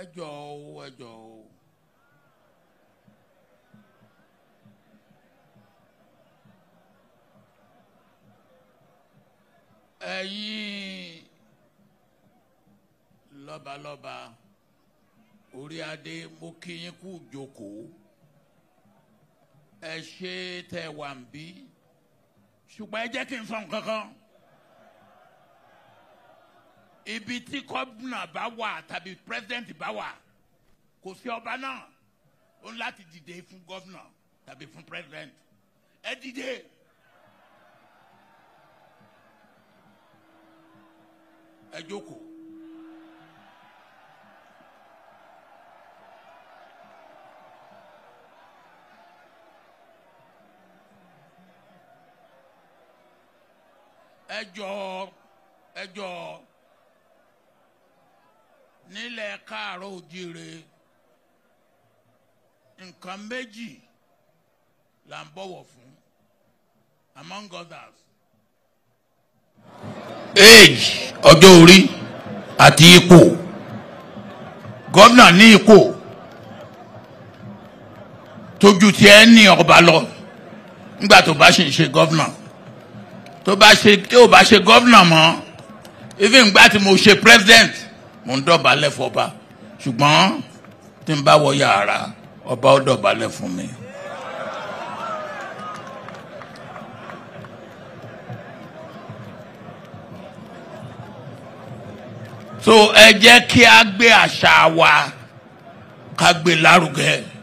ẹ jọ̀ọ́ o ẹ jọ̀ọ́ o. ẹ̀yin lọ́balọ́ba orí adé mo kí yín kú jókòó ẹ ṣe tẹ́ wà ṣùgbọ́n ẹ jẹ́ kí n sọ nǹkan kan ibi tí gómìnà bá wà tàbí pírẹsidẹ́ǹtì bá wà kò sí ọba náà ó ní láti dìde fún gómìnà tàbí fún pírẹsidẹ́ǹtì ẹ dìde. ẹ jókòó. ẹ jọ̀ọ́ ẹ jọ̀ọ́ nílẹ̀ káàárọ̀ òjìire nǹkan méjì là ń bọ̀wọ̀ fún among others. age ọjọ́ orí àti ipò gómìnà ní ipò tójú tí ẹ ní ọba lọ nígbà tó bá ṣe ń ṣe gómìnà tó bá ṣe tí ò bá ṣe gómìnà mọ́ even nígbà tí mo ṣe president mo ń dọ̀bálẹ̀ fọba ṣùgbọ́n tí n bá wọ yàrá ọba ó dọ̀bálẹ̀ fún mi. so ẹ jẹ́ kí a gbé àṣà wa ká gbé lárugẹ.